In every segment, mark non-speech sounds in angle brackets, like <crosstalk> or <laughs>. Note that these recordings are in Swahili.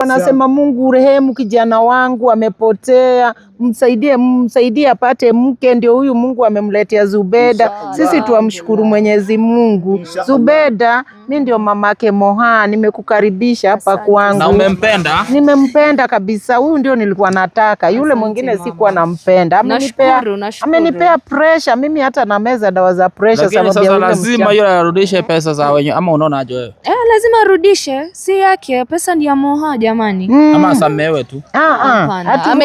Wanasema Mungu urehemu kijana wangu amepotea, msaidie, msaidie apate mke. Ndio huyu Mungu amemletea Zubeda. Sisi tuamshukuru Mwenyezi Mungu. Zubeda, mm. mi ndio mamake Moha, nimekukaribisha hapa kwangu na umempenda. Nimempenda kabisa, huyu ndio nilikuwa nataka, yule mwingine sikuwa nampenda. Amenipea, amenipea pressure mimi, hata na meza dawa za pressure, sababu sasa lazima yule arudishe pesa za wenyewe, ama unaonaje wewe? Eh, lazima arudishe, si yake pesa, ni ya Moha jamani, mm. ama asamewe tu. Ah ah.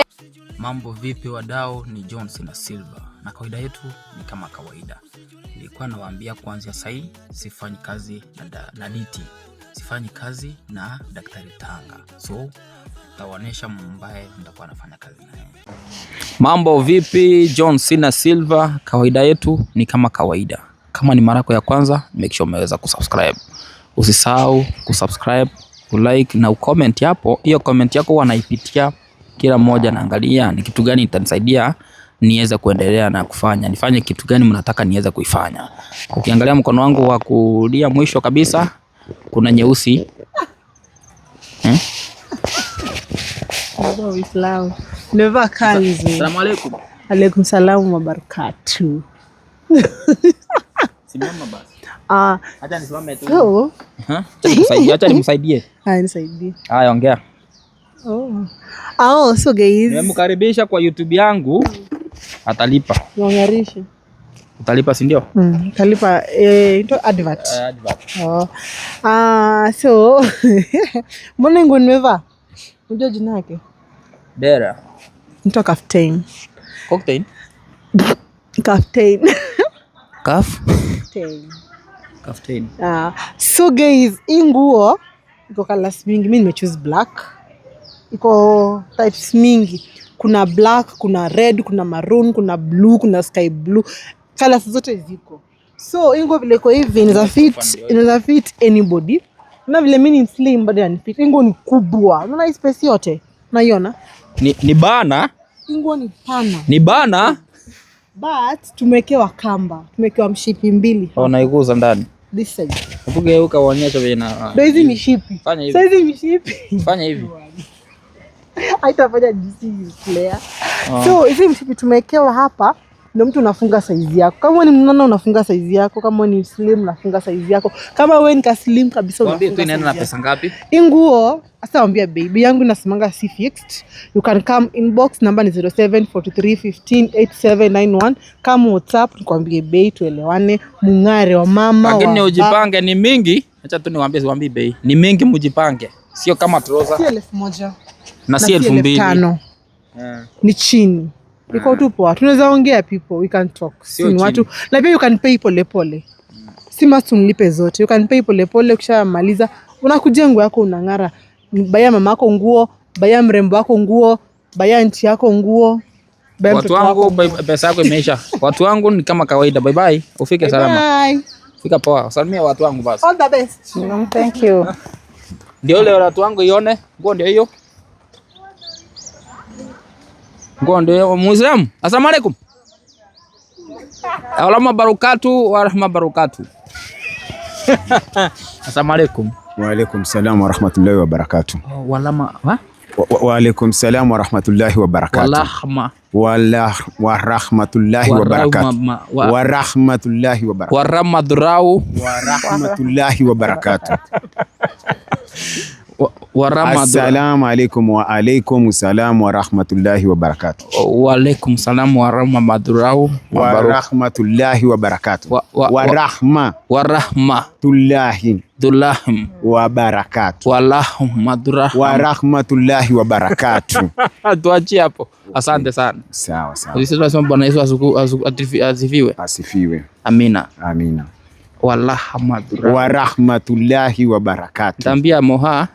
Mambo vipi wadao ni jones na Silva, na kawaida yetu ni kama kawaida, nilikuwa nawaambia kuanzia sahii sifanyi kazi na, na diti sifanyi kazi na daktari Tanga, so tawaonesha mbaye nitakuwa nafanya kazi naye. Mambo vipi, john na Silva, kawaida yetu ni kama kawaida. Kama ni mara yako ya kwanza, make sure umeweza kusubscribe. Usisahau kusubscribe, kulike na ucomment hapo. Hiyo comment yako wanaipitia kila mmoja anaangalia ni kitu gani itanisaidia niweze kuendelea na kufanya, nifanye kitu gani mnataka niweze kuifanya. Ukiangalia mkono wangu wa kulia mwisho kabisa kuna nyeusi eh? Salamu wa barakatu. <laughs> Ah. Acha nimsaidie. Haya, nisaidie. Haya, ongea. Oh, Oh, so guys, nimemkaribisha kwa YouTube yangu atalipa. Ng'arisha. Utalipa si ndio? Mm, utalipa eh, ito advert. Uh, advert. Oh. Ah, so <laughs> mbona nguo nimevaa? Unajua jina yake? Dera. Nito Captain. Cocktail. Captain. <laughs> Kaf? Captain. Captain. Ah, so guys, hii nguo iko colors mingi, mimi nimechoose black iko types mingi. Kuna black, kuna red, kuna maroon, kuna blue, kuna sky blue, colors zote ziko. So ingo vile iko hivi inaweza fit, inaweza fit anybody na vile mimi ni slim bado fit. Ingo ni kubwa, unaona hii space yote unaiona ni, ni bana. Ingo ni pana, ni bana but tumewekewa kamba, tumewekewa mshipi mbili. Oh, naikuza ndani this side, upige ukauonyesha vile na. Ndio hizi mishipi, fanya hivi, sasa hizi mishipi, fanya hivi <laughs> haitafanya display. Ah. So hivi mshipi tumewekewa hapa ndio mtu unafunga saizi yako. Kama ni mnana unafunga saizi yako, kama ni slim unafunga saizi yako, kama wewe ni slim kabisa unafunga. saizi Wewe inaenda na pesa ngapi? Hii nguo sasa waambia baby yangu nasimanga si fixed. You can come inbox namba ni 0743158791. Kama WhatsApp nikwambie bei tuelewane, mung'are wa mama. Lakini ujipange ni mingi. Acha tu niwaambie siwaambii bei. Ni mingi mujipange. Sio kama trouser. Sio elfu moja na si elfu mbili ni chini iko tu poa, tunaweza ongea people, we can talk, si watu na pia you can pay pole polepole, si must unilipe zote, you can pay pole pole. Ukishamaliza unakuja nguo yako unang'ara, baya mama yako nguo, baya mrembo wako nguo, baya nchi yako nguo. Watu wangu pesa yako imeisha. Watu wangu ni kama kawaida, bye bye, ufike salama, fika poa, salimia watu wangu basi. All the best, mm, thank you. Ndio leo watu wangu ione nguo ndio hiyo Ngondo Muislamu. Asalamu alaykum. <laughs> Alama barakatu wa rahma barakatu. Asalamu <laughs> alaykum. Wa alaykum salam wa rahmatullahi wa barakatuh. Walama ha? Wa alaykum salam wa rahmatullahi wa barakatuh. Walahma. Walah wa rahmatullahi wa barakatuh. Wa rahmatullahi wa barakatuh. Wa rahmatullahi wa barakatuh. <laughs> wa Assalamu alaykum wa alaykum salam wa rahmatullahi wa barakatuh. Wa alaykum salam wa rahmatullahi wa barakatuh. Wa rahma wa rahma rahmatullahi Dullahim. wa barakatuh. Wa Wa rahmatullahi wa barakatuh. <laughs> Tuachie hapo. Asante sana. Sawa sawa. Sisi tunasema Bwana Yesu asifiwe. Asifiwe. Amina. Amina wa rahmatullahi wa barakatuh. Tambia Moha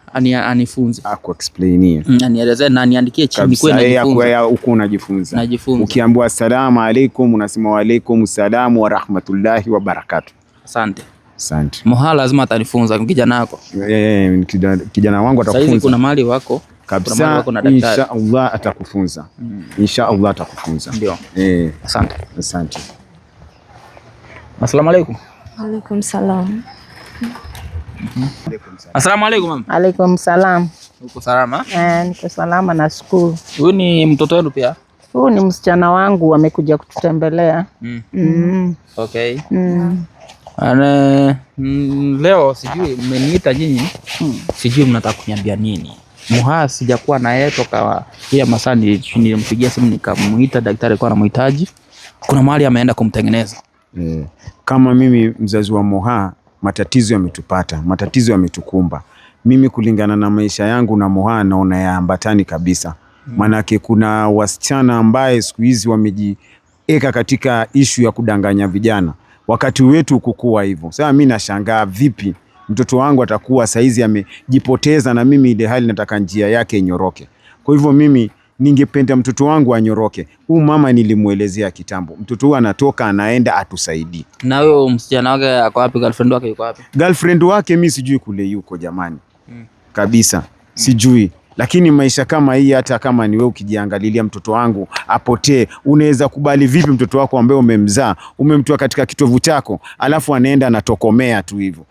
anifunze aku explainie mm, anielezee na aniandikie chini kwa huko unajifunza. Ukiambiwa salamu alaikum unasema wa alaikum salam wa rahmatullahi wa barakatuh. Asante. Asante. Moha lazima atanifunza kijana wako. Eh, kijana wangu atakufunza. Sasa kuna mali wako kabisa, insha Allah atakufunza. Mm. Insha Allah atakufunza. Ndio. Eh. Asante. Asante. Asalamu alaikum. Mhm. Alaikum salam. Asalamu alaikum. Alaikum salam. Uko salama? Eh, niko salama na school. Huyu ni mtoto wenu pia? Huyu ni msichana wangu amekuja kututembelea. Mm. Mm. Okay. Mm. Ana mm, leo sijui mmeniita nyinyi. Mm. Sijui mnataka kuniambia nini. Muha sijakuwa naye toka ile masaa nilimpigia simu nikamuita daktari kwa anamhitaji. Kuna mahali ameenda kumtengeneza. Mm kama mimi mzazi wa Moha, matatizo yametupata, matatizo yametukumba. Mimi kulingana na maisha yangu na Moha naona yaambatani kabisa, maanake mm. kuna wasichana ambaye siku hizi wamejieka katika ishu ya kudanganya vijana, wakati wetu kukua hivyo. Sasa mimi nashangaa vipi mtoto wangu atakuwa saizi amejipoteza, na mimi ile hali nataka njia yake inyoroke. Kwa hivyo mimi ningependa mtoto wangu anyoroke. Huu mama nilimwelezea kitambo, mtoto huyu anatoka anaenda atusaidii. Na huyo msichana wake ako wapi? Girlfriend wake yuko wapi? Girlfriend wake mi sijui kule yuko jamani, mm. kabisa sijui Lakini maisha kama hii, hata kama ni wewe ukijiangalilia, mtoto wangu apotee, unaweza kubali vipi? Mtoto wako ambaye umemzaa umemtoa katika kitovu chako, alafu anaenda anatokomea tu hivyo.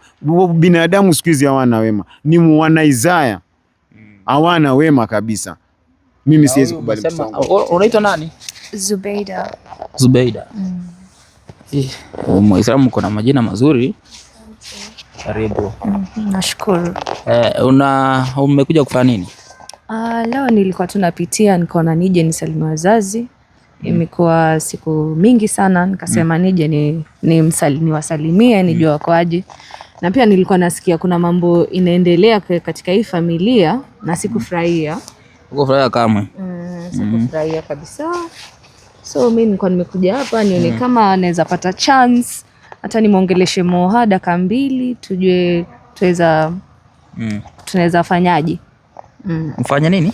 Binadamu siku hizi hawana wema, ni Isaya, hmm. hawana wema kabisa mimi siwezi kubali. Unaitwa nani? Zubeida. Zubeida. Mm. Eh, Muislamu kuna majina mazuri. Karibu. Mm, nashukuru. Eh, una umekuja kufanya nini? Uh, leo nilikuwa tu napitia nikaona nije nisalimie wazazi. Mm. Imekuwa mm. siku mingi sana nikasema mm. nije ni, ni msali, niwasalimie mm. nijue mm. wako aje na pia nilikuwa nasikia kuna mambo inaendelea katika hii familia na sikufurahia. Ukufurahia kamwe? Mm, mm-hmm. sikufurahia kabisa. So mi nilikuwa nimekuja hapa nione mm. kama naweza pata chance hata nimwongeleshe Moha dakika mbili tujue tuweza mm. tunaweza fanyaje mm. mfanya nini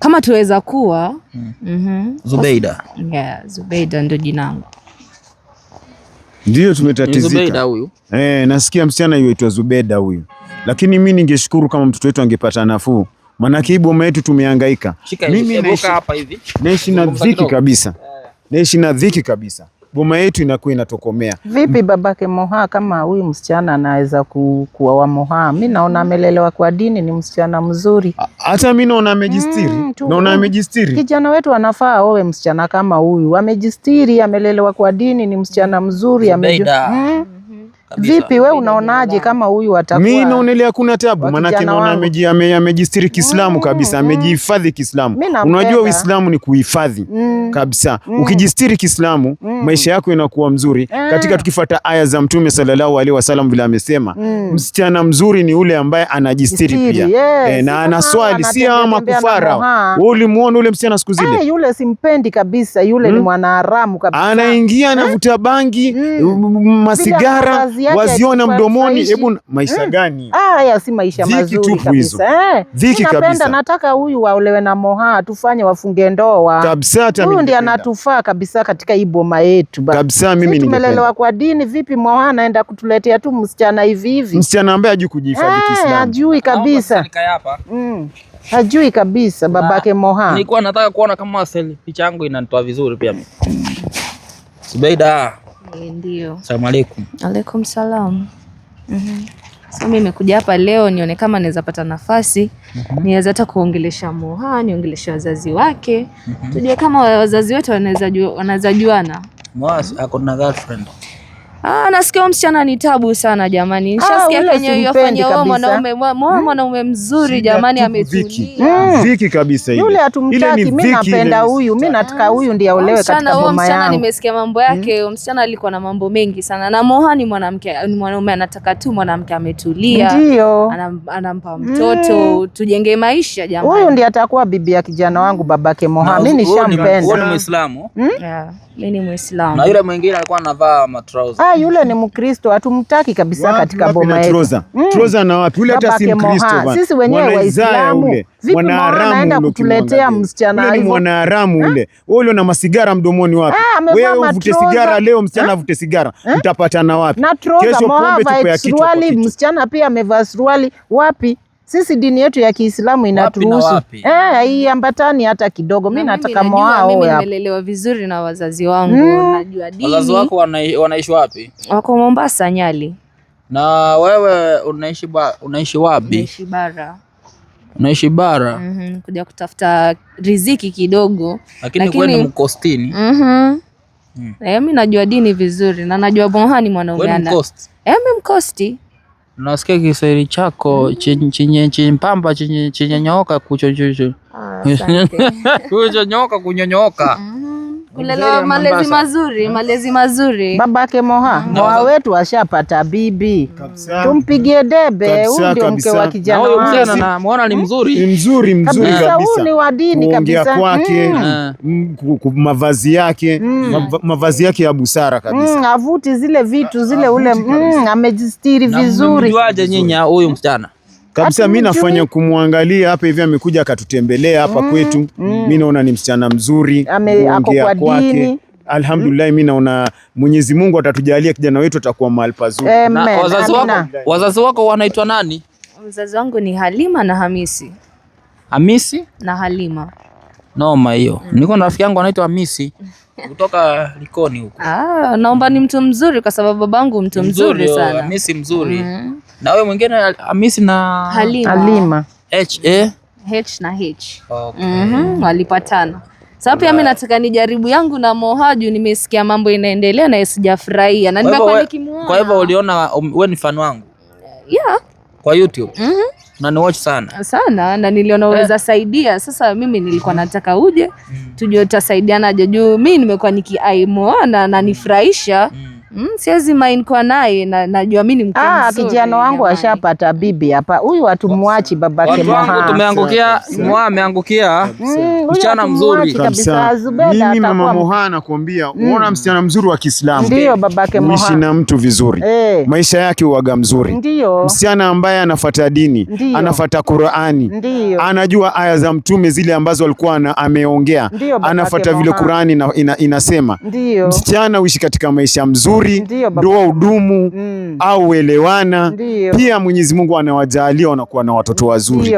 kama tuweza kuwa mm. Mm -hmm. Zubeida. Yeah, Zubeida ndio jinangu ndio tumetatizika huyu. Eh, nasikia msichana yuaitwa Zubeda huyu, lakini mi ningeshukuru kama mtoto wetu angepata nafuu manake hii boma yetu tumehangaika. Mimi naishi na dhiki kabisa, naishi na dhiki kabisa. Boma yetu inakuwa inatokomea. Vipi babake Moha, kama huyu msichana anaweza wa Moha? Mi naona amelelewa kwa dini, ni msichana mzuri. Hata mi naona amejistiri, mm, naona amejistiri. Kijana wetu anafaa owe msichana kama huyu, amejistiri, amelelewa kwa dini, ni msichana mzuri, amejua hmm? Vipi we unaonaje kama huyu atakuwa? Mimi naonelea hakuna tabu, maanake naona amejistiri Kiislamu mm, kabisa, mm. amejihifadhi Kiislamu. Unajua Uislamu ni kuhifadhi mm. kabisa. Ukijistiri Kiislamu maisha yako inakuwa mzuri, eh. katika tukifuata aya za Mtume sallallahu alaihi wasallam vile amesema, msichana mzuri ni ule ambaye anajistiri pia eh, na anaswali, si ama kufara. Wewe ulimuona ule msichana siku zile? Eh, yule simpendi kabisa, yule ni hmm? mwanaharamu kabisa. Anaingia anavuta bangi, masigara yake waziona mdomoni, hebu maisha mm. gani haya? Si maisha mazuri kabisa, eh. dhiki kabisa. Nataka huyu waolewe na Moha, tufanye wafunge ndoa kabisa. Huyu ndiye anatufaa kabisa katika hii boma yetu kabisa. Mimi nimelelewa kwa dini, vipi Moha anaenda kutuletea tu msichana hivi hivi, msichana ambaye hajui kujifa, eh, mm. hajui kabisa hajui kabisa babake Moha. Nilikuwa nataka kuona kama picha yangu inanitoa vizuri pia mimi. Zubeida Eh, ndio. Salamu aleikum. Aleikum salam. Mhm. mimi nimekuja hapa leo nione kama naweza pata nafasi mm -hmm. niweza hata kuongelesha Moha, niongelesha wazazi wake mm -hmm. tujue kama wazazi wetu wanaweza juana. Moha ako na girlfriend. Ah, nasikia msichana ni tabu sana jamani. Ah, Nishasikia kwenye hiyo fanya yafanya mwanaume hmm? mwanaume mzuri jamani, ametulia. Hmm. Viki kabisa ile. Yule atumtaki mimi napenda huyu. Mimi nataka huyu ndiye aolewe katika boma yangu. Msichana nimesikia mambo yake, hmm. Msichana alikuwa na mambo mengi sana. Na Moha ni mwanamke, ni mwanaume anataka tu mwanamke ametulia. Ndio. Anampa mtoto, hmm. Tujenge maisha jamani. Huyu ndiye atakuwa bibi ya kijana wangu babake Moha. Mimi nishampenda. Wewe ni Muislamu? Yeah. Mimi ni Muislamu. Na yule mwingine alikuwa anavaa matrouser. Ah, yule ni Mkristo, hatumtaki kabisa katika boma yetu. Troza. Mm. Troza na wapi? Yule hata si Mkristo. bwana. Sisi wenyewe Waislamu. Vipi anaenda kutuletea msichana yule? Ni mwanaharamu yule. Wewe ule na masigara mdomoni wapi? Ah, Wewe uvute sigara leo, msichana avute sigara. Mtapatana wapi? Kesho pombe tupo ya kichwa. Msichana pia amevaa suruali wapi? Sisi dini yetu ya Kiislamu inatuhusu eh, haiambatani hata kidogo. Mimi nataka mwao. Mimi nimelelewa vizuri na wazazi wangu mm. Najua dini. Wazazi wako wanaishi wapi? Wako Mombasa, Nyali. Na wewe unaishi ba, unaishi wapi? Naishi bara. Unaishi bara. mm -hmm. Kuja kutafuta riziki kidogo, lakini, lakini... kwenu mko stini. mm -hmm. mm. Eh, mimi najua dini vizuri na najua Bonhani mwanaume ana. Wewe mkosti? Eh, mimi mkosti. Unasikia Kiswahili chako mm. chenye chimpamba chenye nyooka kuchonyooka ah, <laughs> kunyonyooka mm-hmm kulelewa malezi mazuri, malezi mazuri. Babake mm. Moha, Moha wetu ashapata bibi, tumpigie debe. Huyu ndio mke wa kijana wangu, namwona hmm? ni mzuri, mzuri mzuri kabisa. Ni wa dini kabisa, kwake hmm. Hmm. mavazi yake, mavazi yake ya busara kabisa, avuti zile vitu zile, ule amejistiri vizuri. Mjuaje nyinyi huyu msichana? kabisa. Mi nafanya kumwangalia hapa hivi, amekuja akatutembelea hapa mm, kwetu mm. Mi naona ni msichana mzuri, ongea kwake Alhamdulillah, mimi naona Mwenyezi Mungu atatujalia kijana wetu atakuwa mahali pazuri. Wazazi wako, wazazi wako wanaitwa nani? Mzazi wangu ni Halima na Hamisi. Hamisi na Halima. Noma hiyo. Mm. Niko na rafiki yangu anaitwa Hamisi kutoka Likoni huko. Ah, naomba ni mtu mzuri kwa sababu babangu mtu mzuri, mzuri oh, sana. Hamisi mzuri. Mm na wewe mwingine Hamisi na Halima, Halima. H, A? Eh? H na H. Okay. Mm -hmm. Walipatana. Sasa pia mimi nataka nijaribu yangu na mohaju nimesikia mambo inaendelea na sijafurahia na nimekuwa nikimuona. Kwa hivyo uliona um, wewe ni fan wangu? Eh, yeah. Kwa YouTube? Mhm. na ni watch sana sana na niliona uweza eh. saidia. Sasa mimi nilikuwa mm-hmm. nataka uje, mm, tujue tutasaidiana aje juu mimi nimekuwa nikiaimuona na nifurahisha mm. Mm, siwezi main kwa naye na, najua mimi ni mtu Ah, kijana wangu ashapata bibi hapa. Huyu atumuachi babake mwa. Watu Wangu tumeangukia, mwa ameangukia mm, msichana mzuri kabisa. Zubeda mimi mama Mohana kuambia, unaona mm. msichana mzuri wa Kiislamu. Ndio babake Mohana. Mwishi na mtu vizuri. E. Maisha yake uaga mzuri. Ndio. Msichana ambaye anafuata dini, anafuata Qur'ani. Ndio. Anajua aya za mtume zile ambazo alikuwa ameongea. Anafuata vile Qur'ani inasema. Ndio. Msichana uishi katika maisha mzuri nzuri, ndoa udumu mm. au uelewana. Pia Mwenyezi Mungu anawajalia wanakuwa na watoto wazuri,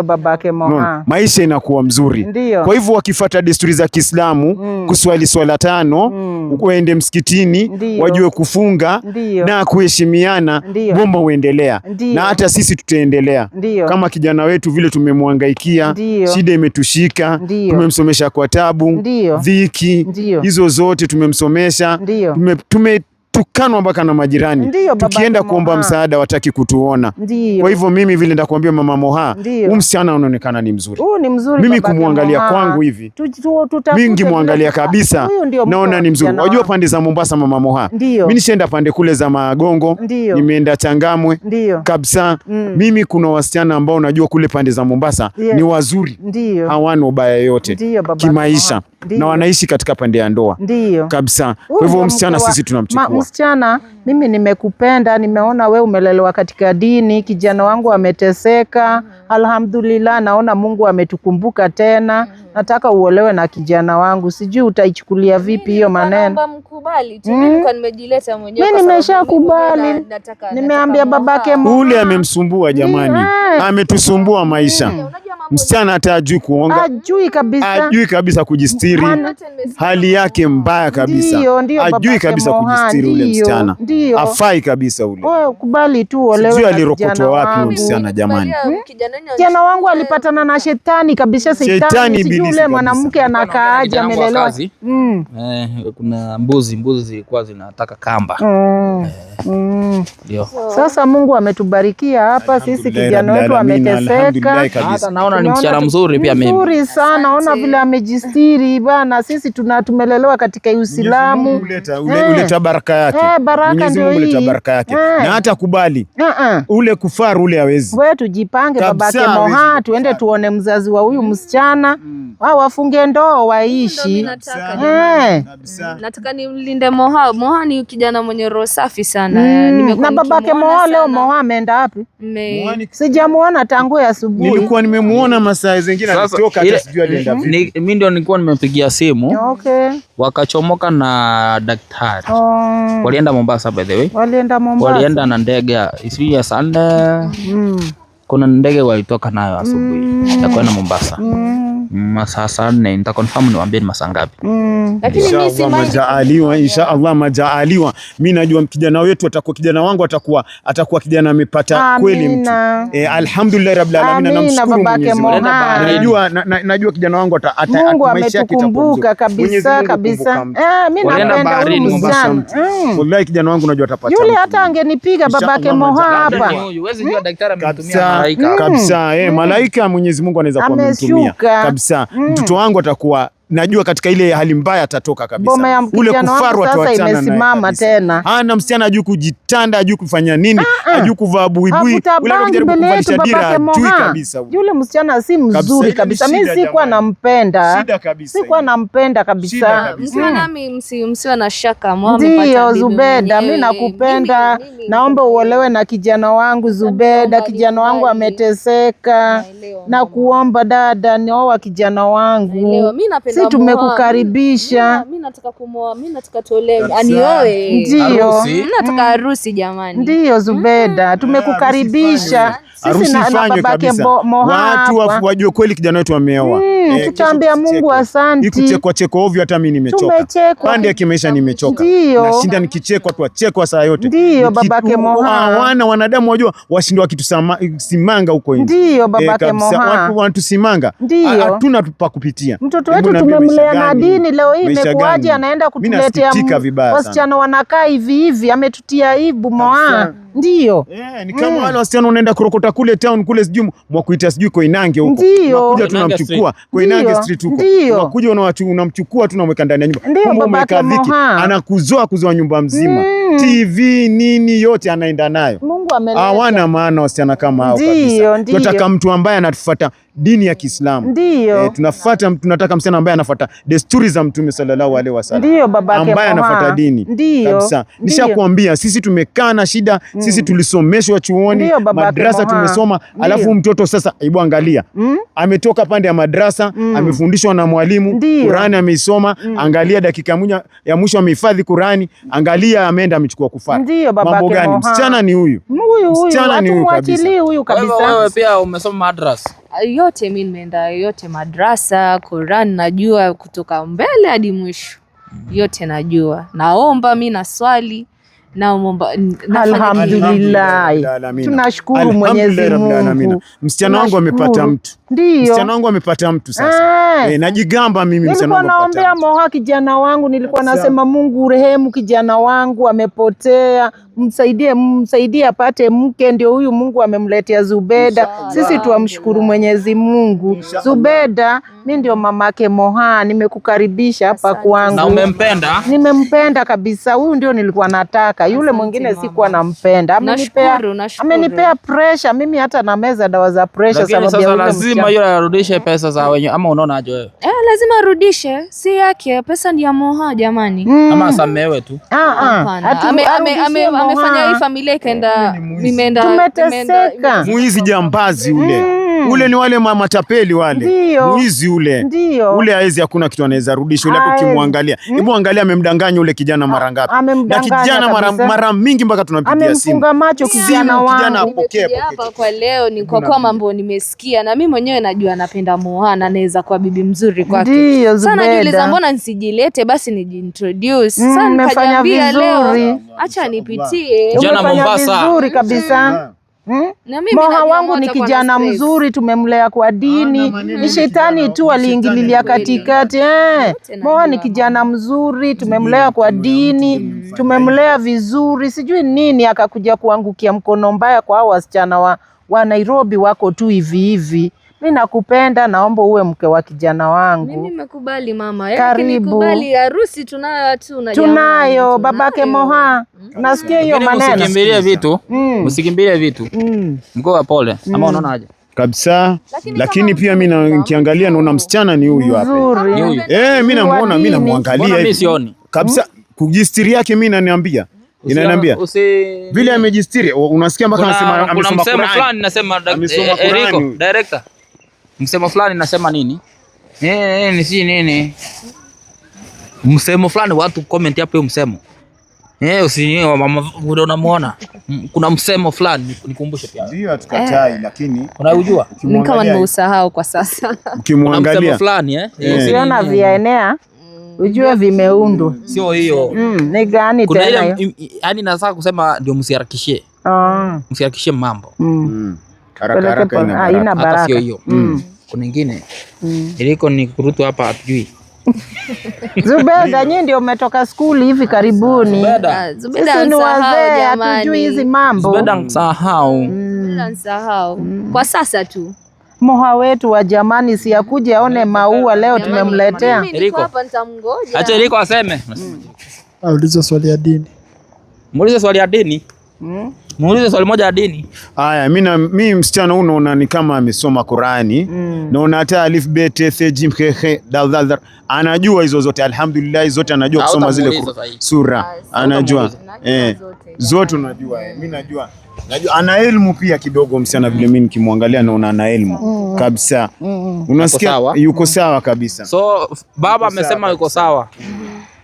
maisha inakuwa mzuri. Ndiyo. Kwa hivyo wakifata desturi za Kiislamu mm. kuswali swala tano mm. waende msikitini Ndiyo. wajue kufunga Ndiyo. na kuheshimiana, bomba huendelea na hata sisi tutaendelea kama kijana wetu vile tumemwangaikia, shida imetushika, tumemsomesha kwa tabu, dhiki hizo zote tumemsomesha tume, tume tukanwa mpaka na majirani. Ndiyo, tukienda kuomba msaada wataki kutuona. Ndiyo. Kwa hivyo mimi vile ndakwambia mama Moha, huu msichana unaonekana ni mzuri. Huu ni mzuri. Mimi kumwangalia kwangu hivi mingi mwangalia kabisa naona ni mzuri. Wajua pande za Mombasa mama Moha. Mimi nishaenda pande kule za Magongo, nimeenda Changamwe kabisa. Mm. Mimi kuna wasichana ambao najua kule pande za Mombasa ni wazuri. Hawana ubaya yote kimaisha na wanaishi katika pande ya ndoa. Ndio kabisa. Kwa hivyo msichana sisi tunamchukua msichana, mimi nimekupenda, nimeona we umelelewa katika dini, kijana wangu ameteseka. Alhamdulillah, naona Mungu ametukumbuka tena. Nataka uolewe na kijana wangu, sijui utaichukulia vipi hiyo maneno. Hmm? Mimi nimeshakubali, nimeambia babake. Ule amemsumbua jamani, ametusumbua maisha msichana hata ajui kuonga, ajui kabisa, ajui kabisa kujistiri, hali yake mbaya kabisa, ajui kabisa kujistiri. Ule msichana afai kabisa ule, Wewe kubali tu olewe. Sijui alirokotwa wapi ule msichana jamani. Hmm? Kijana wangu alipatana na shetani kabisa, shetani. ibilisi, ule mwanamke anakaaje, amelelewa. Hmm. Eh, Kuna mbuzi, mbuzi zilikuwa zinataka kamba. Hmm. Eh, Sasa Mungu ametubarikia hapa sisi, kijana wetu ameteseka, hata naona Msichana ni msichana mzuri pia mimi. Mzuri sana, ona vile amejistiri bana. Sisi tuna tumelelewa katika Uislamu. Uleta eh. uleta baraka yake. Eh, baraka ndio hii. Uleta baraka yake. Eh. Na hata kubali. Eh, ule kufaru ule hawezi. Wewe tujipange babake Moha, tuende tuone mzazi wa huyu msichana. Mm. Wao wafunge ndoa waishi. Eh. Mm, nataka nimlinde Moha. Moha ni kijana mwenye roho safi sana. Mm. Nimekuwa na babake Moha leo Moha ameenda wapi? Sijamuona tangu asubuhi. Nilikuwa nimemuona mbona masaa zingine anatoka hata sijui alienda vipi? Mimi ndio nilikuwa nimempigia simu okay. Wakachomoka na daktari oh. Walienda Mombasa by the way, walienda Mombasa, walienda na ndege isiyo ya Sunday. mm. Kuna ndege walitoka nayo asubuhi mm. Ya kwenda Mombasa mm masaa saa nne nitakonfirm niwaambie ni masaa ngapi. Mm. Majaaliwa insha Allah, majaaliwa. Mimi najua kijana wetu atakuwa, kijana wangu atakuwa, atakuwa kijana amepata kweli mtu. Eh, alhamdulillah rabbil alamin, na namshukuru Mwenyezi Mungu. Najua najua kijana wangu ata ametukumbuka kabisa kabisa. Eh, mimi napenda mm. wallahi, kijana wangu najua atapata. Yule hata angenipiga babake moha hapa. Huwezi jua hmm? daktari ametumia malaika. Kabisa, eh, hmm. malaika Mwenyezi Mungu anaweza kumtumia. kabisa kabisa mm. mtoto mm. wangu atakuwa najua katika ile hali mbaya atatoka kabisa. Ule kufaru atawachana imesimama tena. Hana msichana, ajui kujitanda, ajui kufanya nini, ajui kuvaa buibui, ule anajaribu kuvalisha dira juu kabisa. Yule msichana si mzuri kabisa. Mimi sikuwa nampenda. Sikuwa nampenda kabisa. Msiwe na shaka. Ndio Zubeda, mimi nakupenda. Naomba uolewe na kijana wangu Zubeda. Kijana wangu ameteseka. Na kuomba dada, nioa kijana wangu si tumekukaribisha. Mimi nataka kumoa, mimi nataka toleo, anioe. Ndio, mimi nataka mm. harusi jamani. Ndio Zubeda, mm. tumekukaribisha sisi na babake Mohamed. Watu wajue kweli kijana wetu ameoa. Mm, eh, tutaambia Mungu asante. Ikuchekwa cheko ovyo, hata mimi nimechoka. Tumechekwa. Pande ya kimaisha nimechoka. Ndio. Nashinda nikichekwa tu, achekwa saa yote. Ndio babake Moha. Ah, wana wanadamu wajua washindwa kitu simanga huko nje. Ndio eh, babake Moha. Watu wanatusimanga. Hatuna pa kupitia. Mtoto wetu tumemlea na dini, leo hii imekuaje anaenda kutuletea wasichana wanakaa hivi hivi, ametutia aibu Moha. Ndio. Eh, ni kama mm. wale wasichana wanaenda kurokota kule town kule sijui kuita sijui Koinange huko. Ndio. Unakuja tunamchukua kuinage street huko, unakuja unamchukua tu unamweka ndani ya nyumba, kumbe umeweka dhiki, anakuzoa kuzoa nyumba mzima mm. Hmm. TV nini yote anaenda nayo. Mungu ameleta. Hawana maana wasichana kama hao kabisa. Tunataka mtu ambaye anatufuata dini ya Kiislamu. Ndio. E, eh, tunafuata tunataka msichana ambaye anafuata desturi za Mtume sallallahu alaihi wasallam. Ndio babake ambaye anafuata dini. Ndio. Kabisa. Nishakwambia sisi tumekaa na shida, mm. Sisi tulisomeshwa chuoni, madrasa tumesoma, Ndiyo. Alafu mtoto sasa hebu angalia. Mm. Ametoka pande ya madrasa, mm. Amefundishwa na mwalimu, Qur'ani ameisoma, mm. Angalia dakika ya mwisho amehifadhi Qur'ani, angalia ameenda amechukua kufuata. Ndio Mambo gani? Msichana ni huyu. Huyu huyu. Msichana ni huyu kabisa. Huyu kabisa. Wewe pia umesoma madrasa? Ah, yote mimi nimeenda yote madrasa, Qur'an najua kutoka mbele hadi mwisho. Yote najua. Naomba mimi na swali. Alhamdulillah, tunashukuru Mwenyezi Mungu. Msichana wangu amepata mtu, ndio msichana wangu amepata mtu sasa. Eh. Eh, najigamba mimi, nilikuwa naombea moha kijana wangu, nilikuwa nasema Mungu urehemu kijana wangu, amepotea msaidie, msaidie apate mke. Ndio huyu Mungu amemletea Zubeda. Sisi tuamshukuru Mwenyezi Mungu. Zubeda, mm. mi ndio mamake Moha, nimekukaribisha hapa kwangu umempenda. Nimempenda kabisa, huyu ndio nilikuwa nataka, yule mwingine sikuwa nampenda. Amenipea, amenipea pressure mimi, hata na meza dawa za pressure sababu sasa lazima yule arudishe pesa za wenye, ama unaonaje wewe? Eh, lazima arudishe, si yake, pesa ni ya Moha jamani, mm. ama asamewe tu. Ah ah, ame amefanya hii familia ikaenda, imeenda, tumeteseka. Muizi jambazi ule. Mm mm. Ule ni wale matapeli wale, mwizi ule. Ndiyo. Ule hawezi, hakuna kitu anaweza rudisha ule. Ukimwangalia hmm? hebu angalia, amemdanganya ule kijana mara ah, ngapi? Na kijana mara, mara mingi mpaka tunampigia simu macho kijana wangu. hapa. Kwa leo ni kwa kuwa mambo nimesikia, na mimi mwenyewe najua anapenda Moana, anaweza kuwa bibi mzuri kwake. Sasa najiuliza mbona nisijilete basi nijiintroduce? Sana hmm, kajambia leo acha nipitie. Jana Mombasa vizuri kabisa hmm. Hmm? Moha wangu ni kijana mzuri, tumemlea kwa dini. Ni shetani tu aliingililia katikati. Eh, Moha ni kijana mzuri, tumemlea kwa dini, tumemlea vizuri, sijui nini, akakuja kuangukia mkono mbaya kwa hao wasichana wa, wa Nairobi wako tu hivi hivi mi nakupenda, naomba uwe mke wa kijana wangu. Mimi nimekubali mama, yaani karibu harusi tunayo, na tunayo babake Moha. Mm. Nasikia hiyo maneno, usikimbilie vitu mm. usikimbilie vitu mm. mko wa pole mm. ama unaona aje kabisa lakini, lakini pia mimi nikiangalia naona msichana ni huyu hapa, Ni huyu. eh, mimi namuona, mimi namwangalia Mimi sioni. kabisa hmm? kujistiri yake mimi naniambia inaniambia vile amejistiri, unasikia mpaka anasema amesoma Qur'an, nasema director msemo fulani nasema nini? Eh, eh, ni si nini? Msemo fulani watu comment hapo hiyo msemo. Eh, usi eh, mama namuona Kuna msemo fulani nikumbushe pia. Ndio hatukatai eh. lakini unajua nikawa nimeusahau kwa sasa. Ukimwangalia. msemo fulani eh. yeah. Usiona mm. vienea mm. ujue vimeundwa. Sio hiyo. Mm, ni gani tena hiyo? Yaani nataka kusema ndio msiharakishie. Ah. Msiharakishie mambo. Mm. mm. Haraka haraka ina baraka. Sio hiyo. mm. Mm kuna ingine mm. iliko ni kurutu hapa hatujui <laughs> Zubeda, nyinyi ndio umetoka skuli hivi karibuni. Ah, sisi ni wazee, hatujui hizi mambo. Zubeda msahau. Zubeda msahau. Mm. mm. Kwa sasa tu moha wetu wa jamani, si akuje aone mm. maua leo tumemletea. Acha Iliko aseme. Mm. Aulize swali ya dini, muulize swali ya dini mm. Muulize swali moja ya dini. Haya, na mi msichana huyu naona ni kama amesoma Qur'ani. Mm. Naona hata alif bet th jim he he dal dal. Anajua hizo zote alhamdulillah, zote anajua kusoma zile sura. Ah, anajua. Eh. Zote unajua eh. mi najua. Najua ana elimu pia kidogo msichana vile mimi nikimwangalia naona ana elimu mm. mm. kabisa. Mm. mm. Unasikia yuko sawa kabisa. So baba amesema yuko sawa.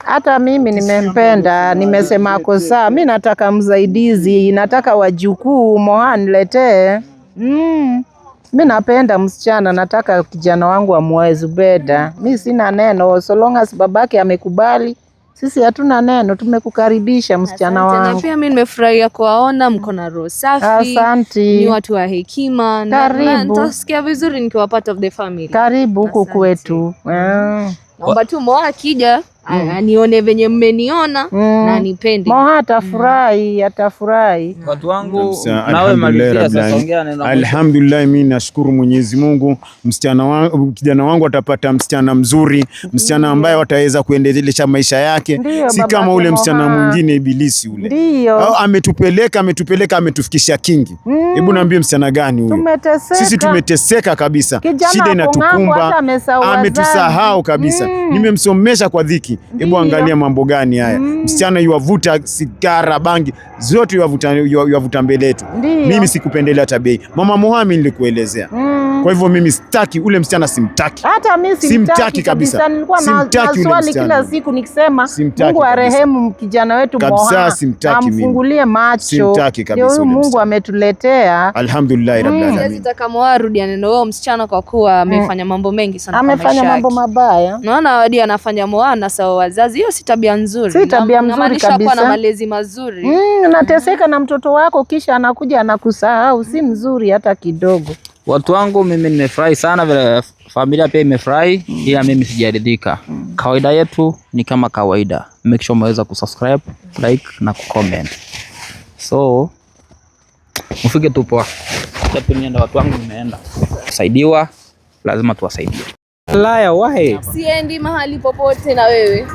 Hata mimi nimempenda, nimesema ako kosa, mi nataka msaidizi, nataka wajukuu moha niletee. Mm. Mi napenda msichana, nataka kijana wangu amuoe Zubeda. Mi sina neno, so long as babake amekubali sisi hatuna neno, tumekukaribisha msichana wangu. Na pia mimi nimefurahia kuwaona, mko na roho safi. Asante. Ni watu wa hekima na nitasikia vizuri nikiwa part of the family. Karibu huku kwetu. Naomba tu mwa akija mm. anione venye mmeniona mm. na nipende. Ma atafurahi mm. atafurahi. Mm. Watu wangu, nawe malizia sasa, ongea neno. Alhamdulillah, mimi nashukuru Mwenyezi Mungu, msichana wangu, kijana wangu atapata msichana mzuri, msichana ambaye wataweza kuendelesha maisha yake, si kama ule msichana mwingine ibilisi ule. Ndio ametupeleka ametupeleka ametufikisha kingi. Mm. Hebu mm. niambie msichana gani huyo? Sisi tumeteseka kabisa, shida inatukumba, ametusahau kabisa. Mm. Nimemsomesha kwa dhiki hebu angalia mambo gani haya mm. Msichana yuwavuta sigara, bangi zote yuwavuta, yuwavuta mbele yetu. Mimi sikupendelea tabia hii. Mama Mohamed nilikuelezea mm. Kwa hivyo mimi sitaki ule msichana, simtaki hata mimi simtaki kabisa. Nilikuwa na swali kila siku nikisema, Mungu arehemu kijana wetu Mohana, amfungulie macho. Ndio huyu Mungu ametuletea, alhamdulillah rabbil alamin. Sasa sitaka aneno oh, wao msichana, kwa kuwa mm. amefanya mambo mengi sana, amefanya mambo mabaya. Naona hadi anafanya Mohana sawa wazazi, hiyo si tabia nzuri, si tabia nzuri kabisa. Na malezi mazuri, mm, nateseka na mtoto wako, kisha anakuja anakusahau, si mzuri hata kidogo. Watu wangu mimi nimefurahi sana vile familia pia imefurahi mm. ila mimi sijaridhika mm. Kawaida yetu ni kama kawaida, make sure umeweza kusubscribe, like na kucomment, so mfike Tapi Nienda watu wangu, nimeenda kusaidiwa, lazima tuwasaidie. Laya wahe, siendi mahali popote na wewe.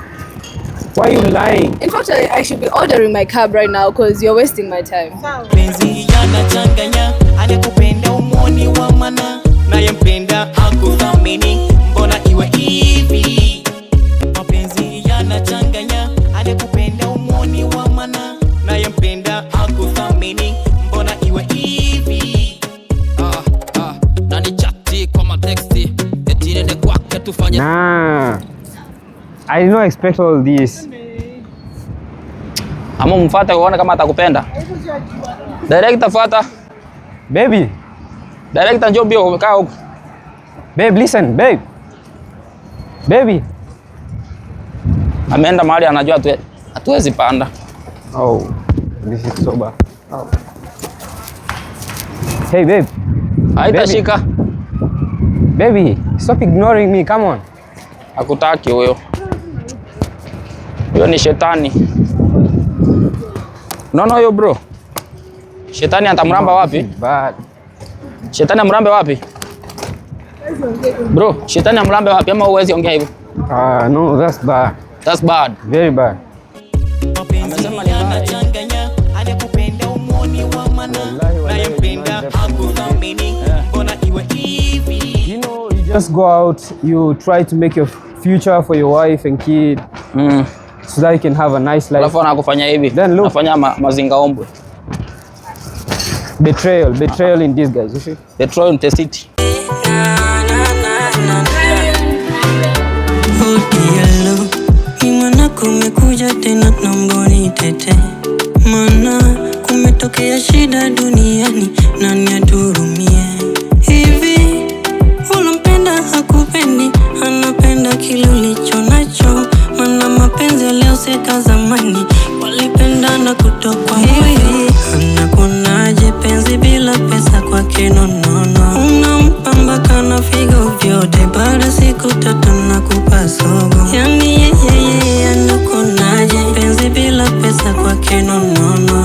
Why are you lying? In fact, I, I should be ordering my cab right now because you're wasting my time. Penzi yanachanganya, umoni wa mana, naye mpenda hakuthamini, I did not expect all this. Ama mfuata uone kama atakupenda. Director fuata. Baby. Director njoo bio kaa huko. Babe listen, babe. Baby. Ameenda mahali anajua tu hatuwezi panda. Oh. This is so bad. Oh. Hey babe. Haitashika. Baby, stop ignoring me. Come on. Akutaki huyo. Hiyo ni shetani. Unaona hiyo bro? Shetani atamramba wapi? Shetani amrambe wapi? Bro, shetani amrambe wapi ama uwezi ongea hivyo? Ah, no, that's bad. That's bad. Very bad. Just go out, you try to make your future for your wife and kid. Mm so that you can have a nice life. Alafu anakufanya hivi. Then look. Anafanya ma mazinga ombwe. Betrayal, betrayal in disguise, you see? Betrayal in the city. Kumekuja tena naomba unitetee, maana kumetokea shida duniani, nani aturumie katika zamani walipendana kutokwa hivi. Anakunaje penzi bila pesa Unampa mpaka na figo vyote, siku tatu sogo. Yani anakunaje penzi bila pesa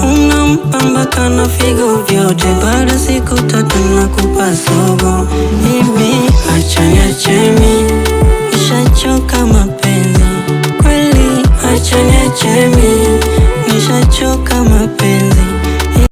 Unampa mpaka na figo vyote, siku tatu sogo. Mimi Jemi, nishachoka mapenzi